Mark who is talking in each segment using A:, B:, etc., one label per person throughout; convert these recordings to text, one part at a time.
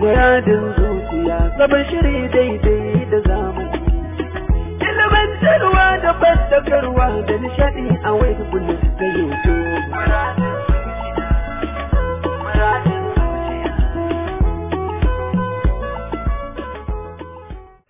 A: muradin zuciya gaban shiri daidai da zamani ilimantarwa da fadakarwa da nishadi a wai bulus da youtube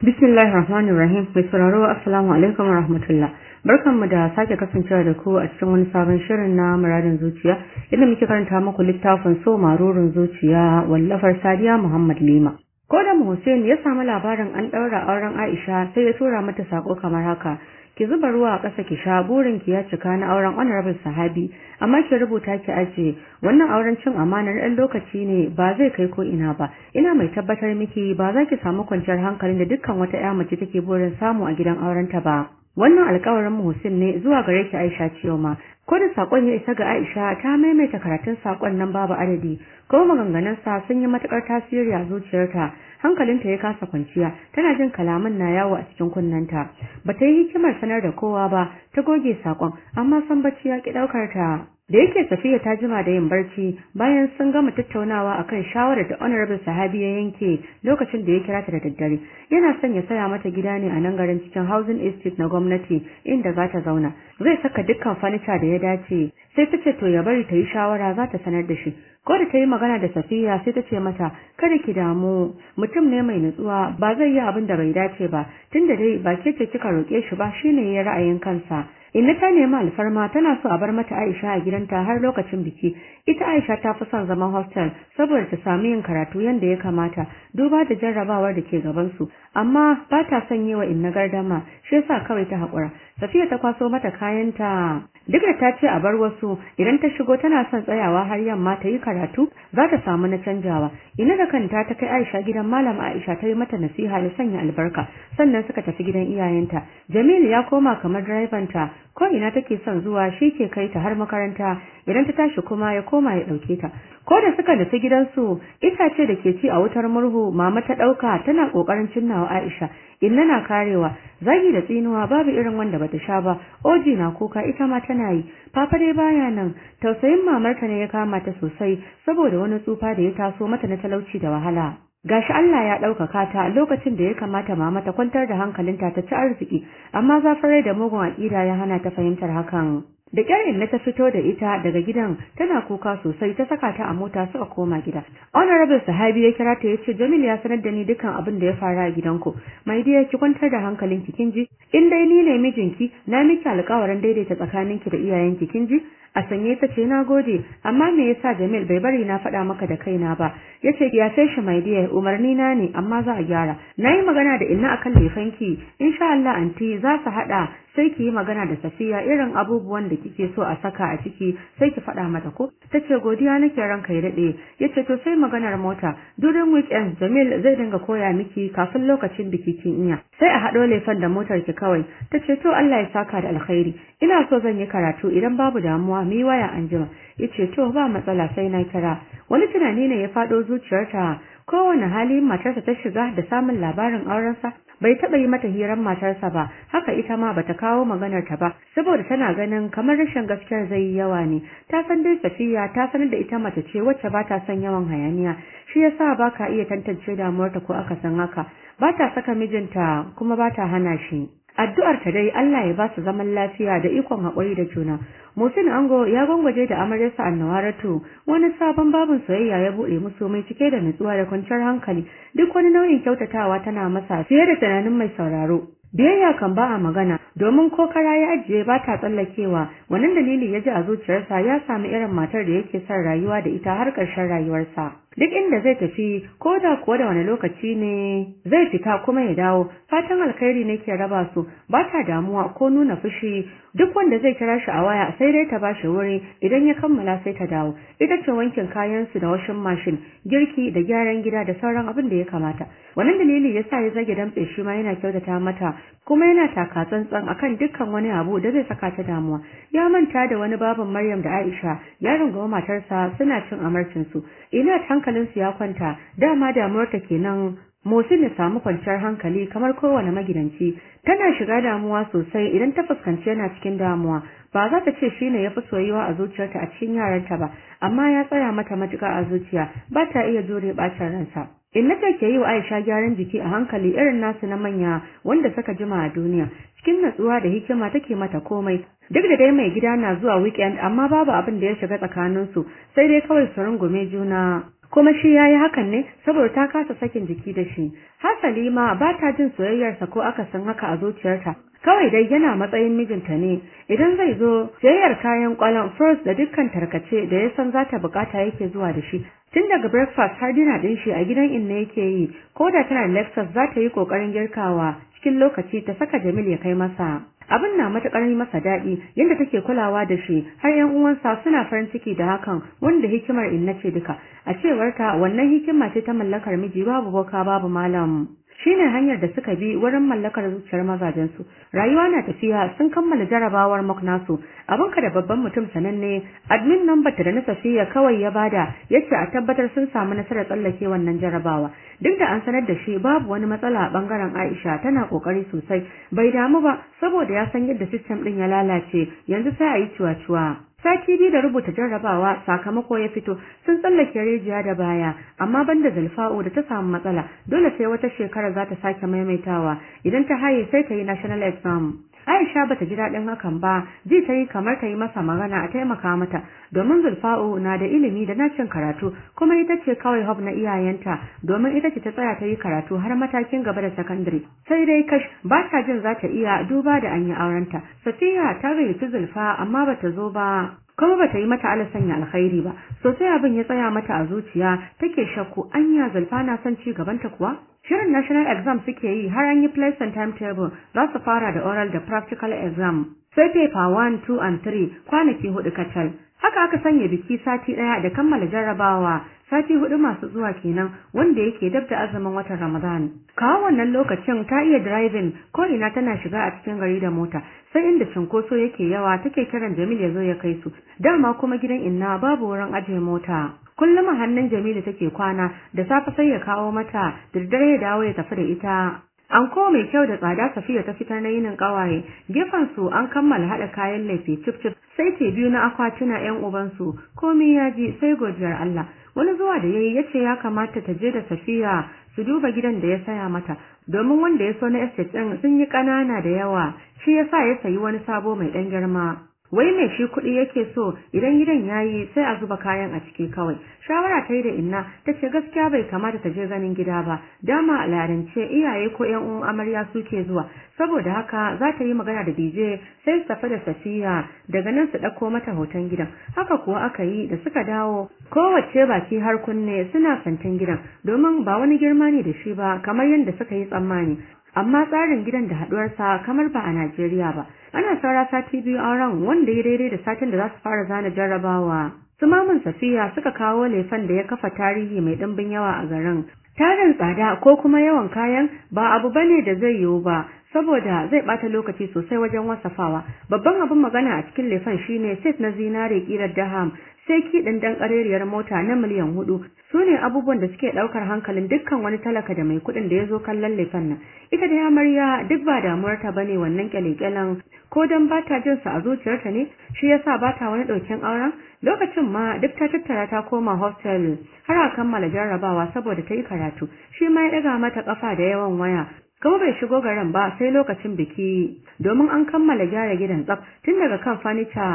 A: Bismillahir Rahmanir Rahim. Mai sauraro Assalamu alaikum wa rahmatullah. barkanmu da sake kasancewa da ku a cikin wani sabon shirin na muradin zuciya inda muke karanta muku littafin so marurin zuciya wallafar sadiya muhammad lima ko da mu hussein ya samu labarin an ɗaura auren aisha sai ya tura mata sako kamar haka ki zuba ruwa a ƙasa ki sha burin ki ya cika na auren honorable sahabi amma ki rubuta ki aje wannan auren cin amanar ɗan lokaci ne ba zai kai ko ina ba ina mai tabbatar miki ba za ki samu kwanciyar hankalin da dukkan wata ya mace take burin samu a gidan aurenta ba wannan alƙawarin Muhsin ne zuwa gare ki Aisha Ciyoma ko da sakon ya isa ga Aisha ta maimaita karatun sakon nan babu adadi ko maganganun sa sun yi matukar tasiri a zuciyarta hankalinta ya kasa kwanciya tana jin kalaman na yawo a cikin kunnanta bata yi hikimar sanar da kowa ba ta goge sakon amma san bacci ya ki daukar ta da yake safiya ta jima da yin barci bayan sun gama tattaunawa akan shawarar da honorable sahabi ya yanke lokacin da ya kira ta da daddare yana son ya saya mata gida ne a nan garin cikin housing estate na gwamnati inda za ta zauna zai saka dukkan fanica da ya dace sai ta ce to ya bari ta yi shawara za ta sanar da shi ko da ta yi magana da safiya sai ta ce mata kada ki damu mutum ne mai nutsuwa ba zai yi abin da bai dace ba tunda dai ba ke ce kika roƙe shi ba shine ya ra'ayin kansa Inna ta nemi alfarma tana so a bar mata Aisha a gidanta har lokacin biki. Ita Aisha ta fi son zama hostel saboda ta samu yin karatu yanda ya kamata duba da jarrabawar da ke gabansu. Amma ba ta son yi wa Inna gardama shi yasa kawai ta haƙura. Safiya ta kwaso mata kayanta. Duk da ta ce a bar wasu idan ta shigo tana son tsayawa har yamma ta yi karatu za ta samu na canjawa. Inna da kanta ta kai Aisha gidan Malam Aisha ta yi mata nasiha da sanya albarka sannan suka tafi gidan iyayenta. Jamilu ya koma kamar direbanta ko ina take son zuwa shi ke kai ta har makaranta idan ta tashi kuma ya koma ya ɗauke ta ko da suka nufi gidansu ita ce da ke ci a wutar murhu mama ta ɗauka tana ƙoƙarin cinnawa aisha inna na karewa zagi da tsinuwa babu irin wanda bata sha ba oji na kuka ita ma tana yi papa dai baya nan tausayin mamarta ne ya kama ta sosai saboda wani tsufa da ya taso mata na talauci da wahala gashi Allah ya ɗaukaka ta lokacin da ya kamata mama ta kwantar da hankalinta ta ci arziki amma zafare da mugun aƙida ya hana ta fahimtar hakan da ƙyar na ta fito da ita daga gidan tana kuka sosai ta saka ta a mota suka koma gida honorable sahabi ya kira ta ya ce jamil ya sanar da ni dukkan abin da ya fara a gidanku mai dai ki kwantar da hankalinki kin ji in dai ni ne mijinki na miki alƙawarin daidaita tsakaninki da iyayenki kin ji a sanye ta ce nagode amma me yasa Jamil bai bari na faɗa maka da kaina ba yace ya sai shi mai diya umarni na ne amma za a gyara nayi magana da inna akan lefanki insha Allah anti za su hada sai ki yi magana da Safiya irin abubuwan da kike so a saka a ciki sai ki faɗa mata ko ce godiya nake ranka ya daɗe. Ya ce to sai maganar mota during weekend Jamil zai dinga koya miki kafin lokacin biki kin iya sai a haɗo lefan da motar ki kawai Ta ce to Allah ya saka da alkhairi ina so zan yi karatu idan babu damuwa mu yi waya anjima ce to ba matsala sai na kira wani tunani ne ya faɗo zuciyarta kowane hali matarsa ta shiga da samun labarin aurensa bai taɓa yi mata hirar matarsa ba haka ita ma bata kawo maganar ta ba saboda tana ganin kamar rashin gaskiyar zai yi yawa ne ta san dai safiya ta sanar da ita mace ce wacce ba ta son yawan hayaniya shi yasa ba ka iya tantance damuwarta ko aka san haka ba ta saka mijinta kuma ba ta hana shi addu'ar ta dai Allah ya ba su zaman lafiya da ikon haƙuri da juna Musin Ango ya gwangwaje da amaryarsa Annawaratu wani sabon babin soyayya ya buɗe musu mai cike da nutsuwa da kwanciyar hankali duk wani nau'in kyautatawa tana masa fiye da tunanin mai sauraro biyayya kan ba a magana domin ko kara ya ajiye ba ta tsallakewa wannan dalili ya ji a zuciyarsa ya sami irin matar da yake son rayuwa da ita har ƙarshen rayuwarsa duk inda zai tafi ko da kuwa da wani lokaci ne zai fita kuma ya dawo fatan alkhairi ne ke raba su ba ta damuwa ko nuna fushi duk wanda zai kira shi a waya sai dai ta ba shi wuri idan ya kammala sai ta dawo ita ce wankin kayan su da washin mashin girki da gyaran gida da sauran abin da ya kamata wannan dalili yasa ya zage dan shi ma yana kyautata mata kuma yana taka tsantsan akan dukkan wani abu da zai saka ta damuwa ya manta da wani baban Maryam da Aisha ya rungawa matarsa suna cin amarcin su ina tan hankalinsu ya kwanta dama damuwarta kenan motsin ya samu kwanciyar hankali kamar kowane magidanci tana shiga damuwa sosai idan ta fuskanci yana cikin damuwa ba za ta ce shine ya fi soyuwa a zuciyarta a cikin yaranta ba amma ya tsaya mata matuƙa a zuciya ba ta iya jure bacin ransa inna na ke yi wa aisha gyaran jiki a hankali irin nasu na manya wanda suka jima a duniya cikin natsuwa da hikima take mata komai duk da dai mai gida na zuwa weekend amma babu abin da ya shiga tsakaninsu sai dai kawai su rungume juna kuma shi yayi hakan ne saboda ta kasa sakin jiki da shi hasali ma ba ta jin soyayyarsa ko aka san haka a zuciyarta kawai dai yana matsayin mijinta ne idan zai zo siyayyar kayan kwalon first da dukkan tarkace da ya san za ta bukata yake zuwa da shi tun daga breakfast har dina din shi a gidan inna yake yi ko da tana lexus za ta yi kokarin girkawa cikin lokaci ta saka jamil ya kai masa abin na matakar yi masa daɗi yadda take kulawa da shi har yan uwansa suna farin ciki da hakan wanda hikimar in ce duka a cewarta wannan hikima ce ta mallakar miji babu boka babu malam shine hanyar da suka bi wurin mallakar zuciyar mazajen su rayuwa na tafiya sun kammala jarabawar mock nasu abinka da babban mutum sananne admin number da na tafiya, kawai ya bada yace a tabbatar sun samu nasarar tsallake wannan jarabawa duk da an sanar da shi babu wani matsala a bangaren Aisha tana kokari sosai bai damu ba saboda ya san yadda system ɗin ya lalace yanzu sai a yi ciwa-ciwa sati biyu da rubuta jarrabawa sakamako ya fito sun tsallake rijiya da baya amma banda zulfa'u da ta samu matsala dole sai wata shekara za ta sake maimaitawa idan ta haye sai ta yi national exam Aisha bata ji daɗin hakan ba, ji ta yi kamar ta yi masa magana a taimaka mata, domin Zulfa'u na da ilimi da nacin karatu, kuma ita ce kawai hub na iyayenta, domin ita ce ta tsaya ta yi karatu har matakin gaba da sakandare. Sai dai kash ba ta jin za ta iya duba da an aurenta. Safiya ta gayyaci Zulfa amma bata zo ba. kuma bata yi mata alasan ya alkhairi ba sosai abin ya tsaya mata a zuciya take shakku anya zulfa na son ci gabanta kuwa Shirin national exam suke yi har an yi Placent timetable za su fara da oral da practical exam. Sai paper 1, 2 and 3 kwanaki hudu kacal. Haka aka sanya biki sati ɗaya da kammala jarrabawa sati hudu masu zuwa kenan wanda yake dab da azumin watan Ramadan. Kawo wannan lokacin ta iya driving ko ina tana shiga a cikin gari da mota sai inda cinkoso yake yawa take kiran Jamil ya zo ya kai su. Dama kuma gidan inna babu wurin ajiye mota. kullum hannun Jamilu take kwana da safe sai ya kawo mata dirdare ya dawo ya tafi da ita An mai kyau da tsada Safiya ta fitar na yinin kawaye. Gefen su an kammala haɗa kayan laifi cif cif sai ke biyu na akwatuna yan ubansu, su. Komai ya ji sai godiyar Allah. Wani zuwa da yayi yace ya kamata ta je da Safiya su duba gidan da ya saya mata domin wanda ya so na estate ɗin sun yi ƙanana da yawa. Shi yasa ya sayi wani sabo mai ɗan girma. wai me shi kuɗi yake so idan gidan yayi sai a zuba kayan a ciki kawai shawara ta yi da inna ta ce gaskiya bai kamata ta je ganin gida ba dama a larance iyaye ko yan uwan amarya suke zuwa saboda haka za ta yi magana da Dije sai safa da safiya daga nan su ɗauko mata hoton gidan haka kuwa aka yi da suka dawo kowace baki har kunne suna fantan gidan domin ba wani girma ne da shi ba kamar yadda suka yi tsammani amma tsarin gidan da haɗuwarsa kamar ba a Najeriya ba ana saura sati biyu auren wanda ya daidai da satin da za su fara zana jarrabawa su safiya suka kawo lefen da ya kafa tarihi mai ɗimbin yawa a garin tarin tsada ko kuma yawan kayan ba abu bane da zai yiwu ba saboda zai ɓata lokaci sosai wajen wasafawa babban abin magana a cikin lefan shine set na zinare kirar daham sai ɗin dan ƙarerriyar mota na miliyan hudu Sune abubuwan da suke ɗaukar hankalin dukkan wani talaka da mai kuɗin da ya zo kallon laifin nan ita da yamarya duk ba damuwar ta bane wannan kyalekyalen ko dan ba ta jin sa a zuciyarta ne shi yasa ba ta wani ɗaukin auren lokacin ma duk ta tattara ta koma hostel har a kammala jarrabawa saboda ta yi karatu shi ma ya ɗaga mata ƙafa da yawan waya kuma bai shigo garin ba sai lokacin biki domin an kammala gyara gidan tsaf tun daga kan fanita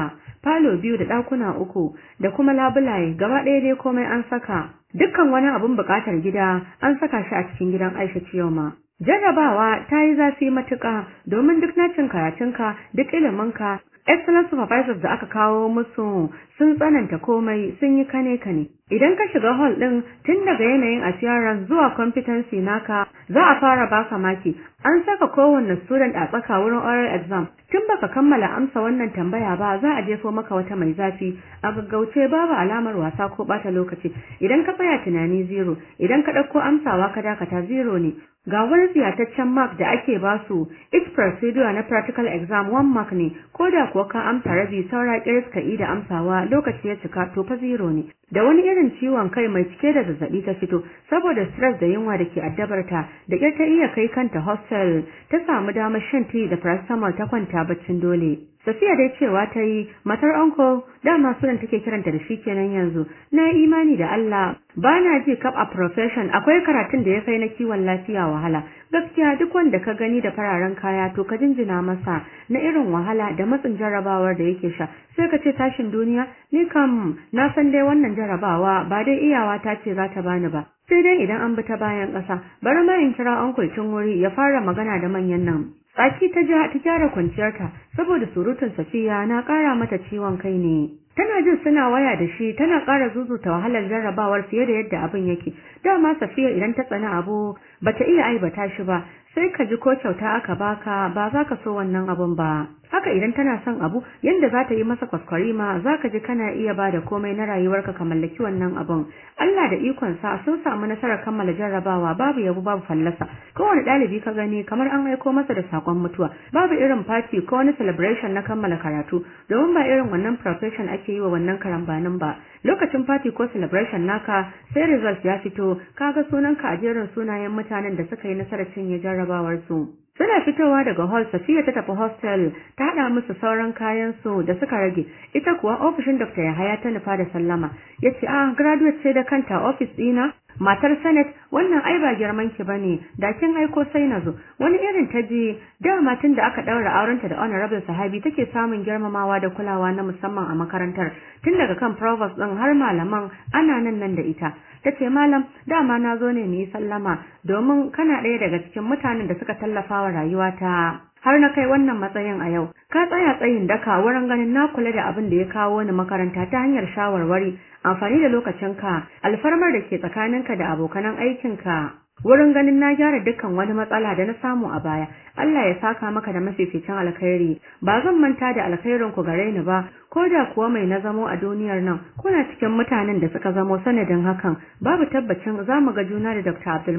A: falo biyu da ɗakuna uku da kuma labulaye gaba ɗaya dai komai an saka dukkan wani abin buƙatar gida an saka shi a cikin gidan aisha ciyoma jarrabawa ta yi zafi matuƙa domin duk nacin karatunka duk iliminka Excellent supervisors da aka kawo musu sun tsananta komai sun yi kane-kane. Idan ka shiga hall ɗin tun daga yanayin assurance zuwa competency naka za a fara baka maki. An saka kowanne student a tsaka wurin oral exam. Tun baka kammala amsa wannan tambaya ba za a jefo maka wata mai zafi. A gaggauce babu alamar wasa ko bata lokaci. Idan ka tsaya tunani zero, idan ka ɗauko amsawa ka dakata zero ne. ga wani fiyataccen mark da ake ba su each procedure na practical exam one mark ne ko da kuwa ka amsa rabi saura Kiriska, ka da amsawa lokaci ya cika to fa zero ne da wani irin ciwon kai mai cike da zazzabi ta fito saboda stress da yunwa da ke addabarta, da ƙyar ta iya kai kanta hostel ta samu damar shan tea da paracetamol ta kwanta baccin dole safiya dai cewa ta yi matar anko dama sunan take kiranta da shi kenan yanzu na imani da allah ba na ji cup a profession akwai karatun da ya kai na kiwon lafiya wahala gaskiya duk wanda ka gani da fararen kaya to ka jinjina masa na irin wahala da matsin jarabawar da yake sha sai ka ce tashin duniya ni kam na san dai wannan jarabawa ba dai iyawa ta ce za ta bani ba sai dai idan an bi ta bayan ƙasa bari ma in kira uncle tun wuri ya fara magana da manyan nan tsaki ta ja ta gyara kwanciyarta saboda surutun safiya na ƙara mata ciwon kai ne tana jin suna waya da shi tana ƙara zuzuta wahalar jarrabawar fiye da yadda abin yake dama safiya idan ta tsani abu bata iya ta shi ba sai ka ji ko kyauta aka baka ba za ka so wannan abun ba haka idan tana son abu yanda za ta yi masa kwaskwari ma za ka ji kana iya ba da komai na rayuwarka ka mallaki wannan abun Allah da ikon sa sun samu nasarar kammala jarrabawa babu Yabu, babu fallasa kowane ɗalibi ka gani kamar an aiko masa da sakon mutuwa babu irin fati ko wani celebration na kammala karatu domin ba irin wannan profession ake yi wa wannan karambanin ba lokacin party ko celebration naka sai results ya fito ka kaga sunanka a jerin sunayen mutane mutanen da suka yi nasarar cinye su Suna fitowa daga hall Safiya ta tafi hostel ta haɗa musu sauran kayan su da suka rage. Ita kuwa ofishin Dr. Yahaya ta nufa da sallama. Ya ce, "Ah, graduate ce da kanta ofis ɗina?" Matar Senate, wannan ai ba girman ki bane, da kin aiko sai na Wani irin ta ji dama tun da aka daura aurenta da Honorable Sahabi take samun girmamawa da kulawa na musamman a makarantar. Tun daga kan provost ɗin har malaman ana nan nan da ita. tace malam dama na zo ne mu yi sallama domin kana ɗaya daga cikin mutanen da suka tallafa wa rayuwata har na kai wannan matsayin a yau ka tsaya tsayin daka wurin ganin na kula da abin da ya kawo ni makaranta ta hanyar shawarwari amfani da lokacinka alfarmar da ke tsakaninka da abokanan aikinka wurin ganin na gyara dukkan wani matsala da na samu a baya Allah ya saka maka da mafificin alkhairi ba zan manta da alkhairin ku gare ni ba ko da kuwa mai na zamo a duniyar nan kuna cikin mutanen da suka zamo sanadin hakan babu tabbacin za mu ga juna da Dr. Abdul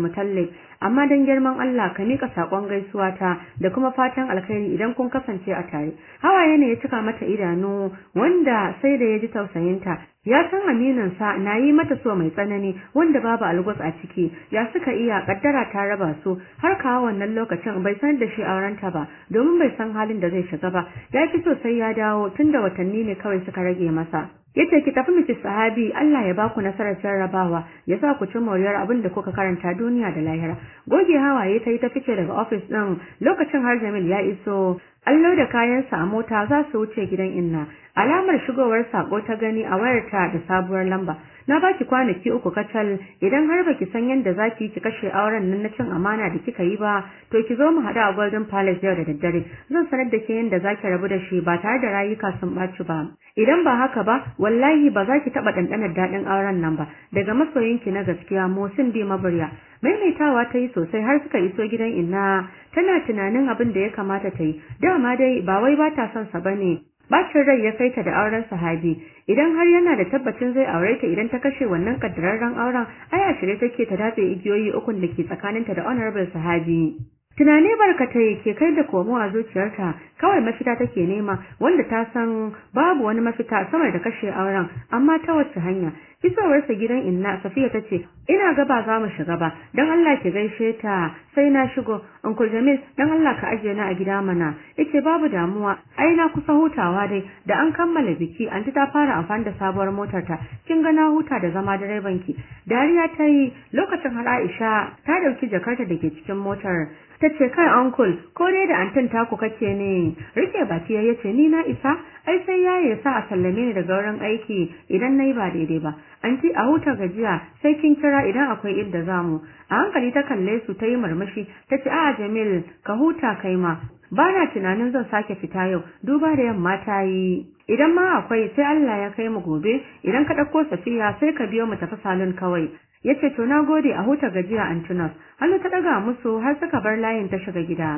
A: amma dan girman Allah ka mika sakon gaisuwa ta da kuma fatan alkhairi idan kun kasance a tare hawaye ne ya cika mata idanu wanda sai da ya ji tausayinta ya san aminin sa na yi mata so mai tsanani wanda babu algus a ciki ya suka iya kaddara ta raba su har kawo wannan lokacin bai san da shi aurenta ba domin bai san halin da zai shiga ba ya fi so sai ya dawo tunda watanni ne kawai suka rage masa yace ki tafi miki sahabi Allah ya baku nasarar jarrabawa ya sa ku ci moriyar abin da kuka karanta duniya da lahira goge hawaye tayi ta fice daga ofis din lokacin har Jamil ya iso allo da kayan sa mota za su wuce gidan inna alamar shigowar sako ta gani a wayarta da sabuwar lamba na baki kwanaki uku kacal idan har baki san yadda zaki ki kashe auren nan na cin amana da kika yi ba to ki zo mu hada a Golden Palace yau da daddare zan sanar da ke yadda zaki rabu da shi ba tare da rayuka sun baci ba idan ba haka ba wallahi ba za ki taɓa ɗanɗanar daɗin auren nan ba daga masoyinki na gaskiya Mohsin di Maburya maimaitawa ta yi sosai har suka iso gidan ina. tana tunanin abin da ya kamata ta yi dama dai ba wai ba ta son sa bane Bacin rai ya kai ta da auren sahabi idan har yana da tabbacin zai aure ta idan ta kashe wannan kaddararren auren ai a shirye take ta datse igiyoyi ukun da ke tsakaninta da honorable sahabi. Tunani barkata ke kai da komo a zuciyarta kawai mafita take nema wanda ta san babu wani mafita sama da kashe auren amma ta wace hanya sa gidan inna safiya ta ce ina gaba za mu shiga ba don allah ki gaishe ta sai na shigo uncle jamil don allah ka ajiye ni a gida mana yace babu damuwa ai na kusa hutawa dai da an kammala biki anti ta fara amfani da sabuwar motar ta kin ga na huta da zama direban ki dariya ta yi lokacin har aisha ta dauki jakarta dake cikin motar ta ce kai uncle ko dai da antin taku kace ne rike baki yace ni na isa ai sai ya yi sa a sallame ni daga wurin aiki idan na yi ba daidai ba an ci a huta gajiya sai kin kira idan akwai inda za mu a hankali ta kalle su ta yi murmushi ta ce a jamil ka huta kai ma ba na tunanin zan sake fita yau duba da yamma ta yi idan ma akwai sai Allah ya kai mu gobe idan ka ɗauko safiya sai ka biyo mu tafi salon kawai yace to na gode a huta gajiya Antunas hannu ta daga musu har suka bar layin ta shiga gida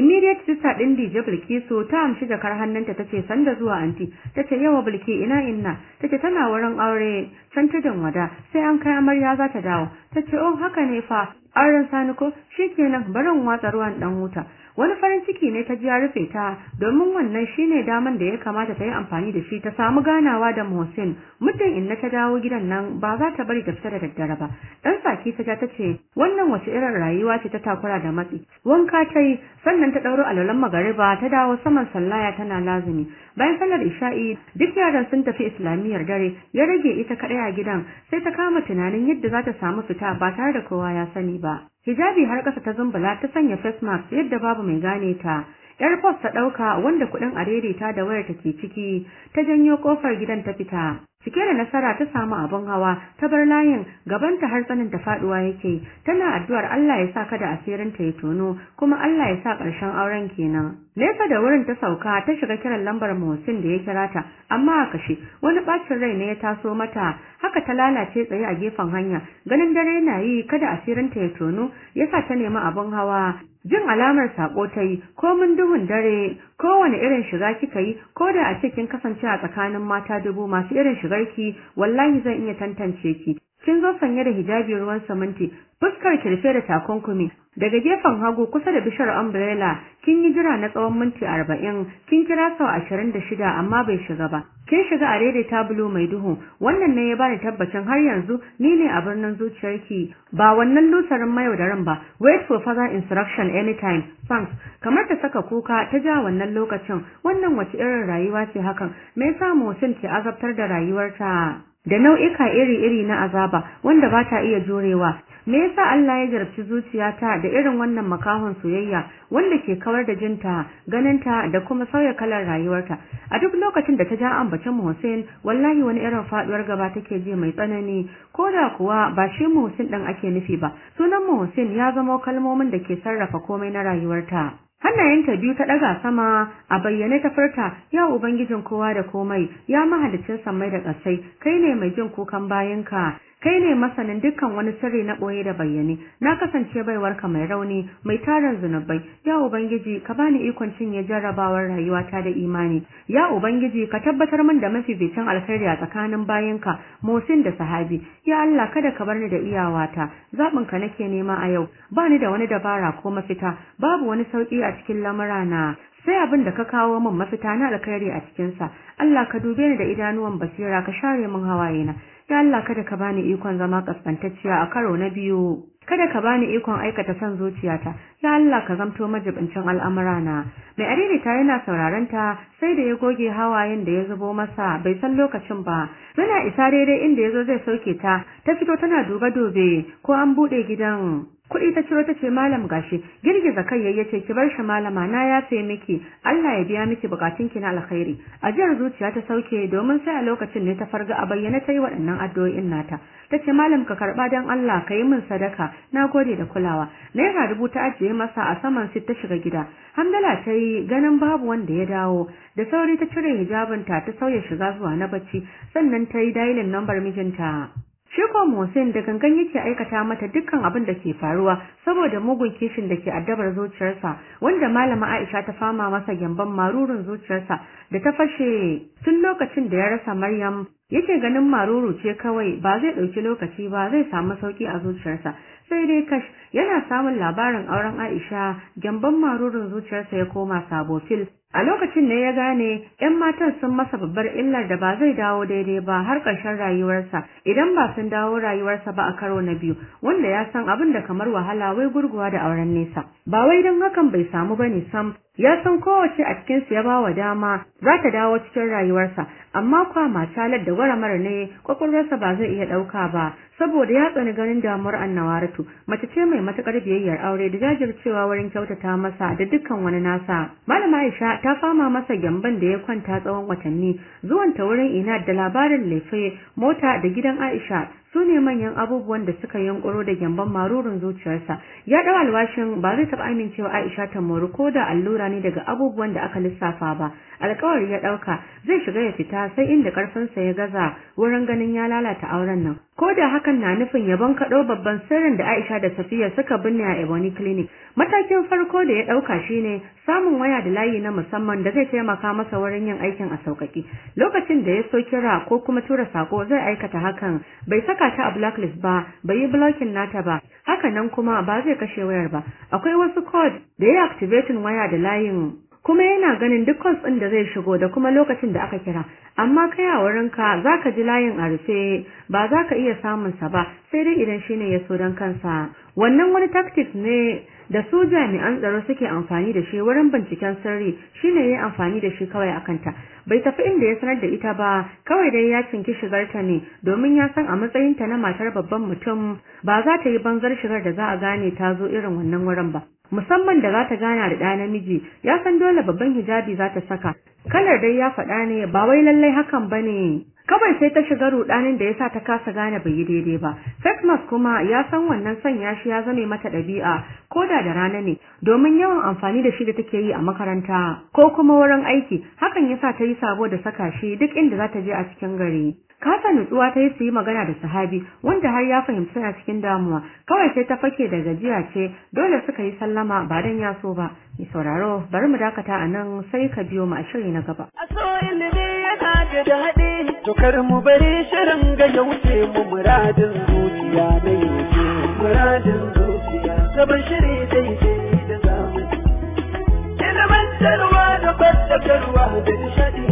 A: immediate sister din DJ Bilkisu ta amshi jakar hannunta tace sanda zuwa anti tace yawa Bilki ina inna tace tana wurin aure can tudun wada sai an kai amarya za ta dawo tace oh haka ne fa auren Sani ko shikenan barin watsa ruwan dan wuta wani farin ciki ne ta jiya rufe ta domin wannan shine daman da ya kamata ta yi amfani da shi ta samu ganawa da Mohsin muddin inna ta dawo gidan nan ba za ta bari ta fita da daddare ba dan saki ta ta ce wannan wace irin rayuwa ce ta takura da matsi wanka ta yi sannan ta dauro alalan magariba ta dawo saman sallaya tana lazumi bayan sallar isha'i duk yaran sun tafi islamiyyar dare ya rage ita kadai a gidan sai ta kama tunanin yadda za ta samu fita ba tare da kowa ya sani ba hijabi har ƙasa ta zumbula ta sanya face mask yadda babu mai gane ta yar post ta ɗauka wanda kuɗin arerita da wayar take ciki ta janyo ƙofar gidan ta fita cike da nasara ta samu abin hawa ta bar layin gabanta har tsanin ta faɗuwa yake tana addu'ar Allah ya sa kada asirin ta ya tono kuma Allah ya sa ƙarshen auren kenan nesa da wurin ta sauka ta shiga kiran lambar Muhsin da ya kira ta amma a kashe wani bacin rai ne ya taso mata haka ta lalace tsaye a gefen hanya ganin dare na yi kada asirin ta ya tono yasa ta nemi abin hawa jin alamar sako ta yi ko mun duhun dare kowane irin shiga kika yi ko da a ce kin kasance a tsakanin mata dubu masu irin shigarki wallahi zan iya tantance ki kin zo sanye da hijabi ruwan samanti fuskar kirfe da takunkumi daga gefen hagu kusa da bishar umbrella kin yi jira na tsawon minti arba'in kin kira sau ashirin da shida amma bai shiga ba kin shiga a rede tabulo mai duhu wannan ne ya bani tabbacin har yanzu ni ne a birnin zuciyarki ba wannan lusarin mayaudarin ba wait for further instruction anytime thanks kamar ta saka kuka ta ja wannan lokacin wannan wace irin rayuwa ce hakan me yasa motsin ke azabtar da rayuwarta da nau'ika iri-iri na azaba wanda ba ta iya jurewa me yasa Allah ya jarabci zuciyata da irin wannan makahon soyayya wanda ke kawar da jinta ganinta da kuma sauya kalar rayuwarta a duk lokacin da ta ja ambacin Hussein wallahi wani irin faduwar gaba take ji mai tsanani ko da kuwa ba shi Hussein din ake nufi ba sunan Hussein ya zama kalmomin da ke sarrafa komai na rayuwarta hannayenta biyu ta ɗaga sama a bayyane ta furta ya ubangijin kowa da komai ya mahalicin samai da ƙasai kai ne mai jin kukan bayanka kai ne masanin dukkan wani sirri na ɓoye da bayyane na kasance baiwarka mai rauni mai tarar zunubai ya ubangiji ka bani ikon cinye jarrabawar rayuwata da imani ya ubangiji ka tabbatar min da mafificin alkhairi a tsakanin ka. Mosin da Sahabi ya Allah kada ka bar ni da iyawata Zaɓin ka nake nema a yau Ba ni da wani dabara ko mafita babu wani sauki a cikin lamura na sai abin da ka kawo min mafita na alkhairi a cikinsa Allah ka dube ni da idanuwan basira ka share min hawaye na ya Allah kada ka bani ikon zama kaskantacciya a karo na biyu kada ka bani ikon aikata son zuciyata ya Allah ka zamto majibincin na. mai aririta yana sauraron ta sai da ya goge hawayen da ya zubo masa bai san lokacin ba yana isa daidai inda ya zo zai sauke ta ta fito tana duba dobe ko an bude gidan kuɗi ta ciro ta ce malam gashi girgiza kai yayi yace ki bar shi malama na ya sai miki Allah ya biya miki bukatun ki na alkhairi ajiyar zuciya ta sauke domin sai a lokacin ne ta farga a bayyana ta yi waɗannan addu'o'in nata tace malam ka karɓa dan Allah ka yi min sadaka Na gode da kulawa naira dubu ta ajiye masa a saman sit ta shiga gida hamdala ta yi ganin babu wanda ya dawo da sauri ta cire hijabinta ta sauya shiga zuwa na bacci sannan ta yi dailin lambar mijinta sheko ko da gangan yake aikata mata dukkan abin da ke faruwa saboda mugun kishin da ke addabar zuciyarsa wanda malama Aisha ta fama masa gyamban marurun zuciyarsa da ta fashe tun lokacin da ya rasa Maryam yake ganin maruru ce kawai ba zai ɗauki lokaci ba zai samu sauki a zuciyarsa sai dai kash yana samun labarin auren Aisha gyamban marurun zuciyarsa ya koma sabo fil a lokacin da ya gane ‘yan matan sun masa babbar illar da ba zai dawo daidai ba har ƙarshen rayuwarsa idan ba sun dawo rayuwarsa ba a karo na biyu wanda ya san abin da kamar wahala wai gurguwa da auren nesa ba wai don hakan bai samu ba ne sam ya san kowace a cikinsu ya ba wa dama za ta dawo cikin rayuwarsa amma kwa salad da mara ne kwakwalwarsa ba zai iya ɗauka ba saboda ya tsani ganin damuwar annawaratu mace ce mai matuƙar biyayyar aure da jajircewa wurin kyautata masa da dukkan wani nasa malama aisha ta fama masa gyamban da ya kwanta tsawon watanni zuwan ta wurin ina da labarin lefe mota da gidan Aisha su ne manyan abubuwan da suka yankuro da gyamban marurin zuciyarsa ya ɗau alwashin ba zai taba amincewa Aisha ta moru ko da allura ne daga abubuwan da aka lissafa ba alƙawari ya ɗauka. zai shiga ya fita sai inda ƙarfinsa ya gaza wurin ganin ya lalata auren nan ko da hakan na nufin ya bankaɗo babban sirrin da Aisha da Safiya suka binne a Ebony Clinic Matakin farko da ya ɗauka shine samun waya da layi na musamman da zai taimaka masa wurin yin aikin a sauƙaƙe. Lokacin da ya so kira ko kuma tura sako zai aikata hakan bai saka ta a blacklist ba, bai yi blocking nata ba, haka nan kuma ba zai kashe wayar ba. Akwai wasu code da ya activating waya da layin kuma yana ganin duk kwas ɗin da zai shigo da kuma lokacin da aka kira amma kai a wurinka za ka ji layin a rufe ba za ka iya samun sa ba sai dai idan shine ya so don kansa wannan wani tactic ne da su jami'an tsaro suke amfani da shi wurin binciken sirri shi ne ya amfani da shi kawai a kanta bai tafi inda ya sanar da ita ba kawai dai ya cinki shigarta ne domin ya san a matsayinta na matar babban mutum ba za ta yi banzar shigar da za a gane ta zo irin wannan wurin ba musamman da za ta gana da ɗa namiji ya san dole babban hijabi za ta saka kalar dai ya faɗa ne ba wai lallai hakan ba ne kawai sai ta shiga rudanin da ya sa ta kasa gane bai yi daidai ba fesmas kuma ya san wannan sanya shi ya zame mata ɗabi'a ko da da rana ne domin yawan amfani da shi da take yi a makaranta ko kuma wurin aiki hakan ya sa ta yi sabo da saka shi duk inda za ta je a cikin gari kasa nutsuwa ta yi su yi magana da sahabi wanda har ya fahimci suna cikin damuwa kawai sai ta fake da gajiya ce dole suka yi sallama ba don ya so ba mai sauraro bari mu dakata a nan sai ka biyo mu a shiri na gaba. a so ilimi yana da daɗi to kar mu bari shirin ga ya wuce mu muradin zuciya na yanzu muradin zuciya gaban shiri daidai da zamani. Ilimantarwa da fadakarwa da nishaɗi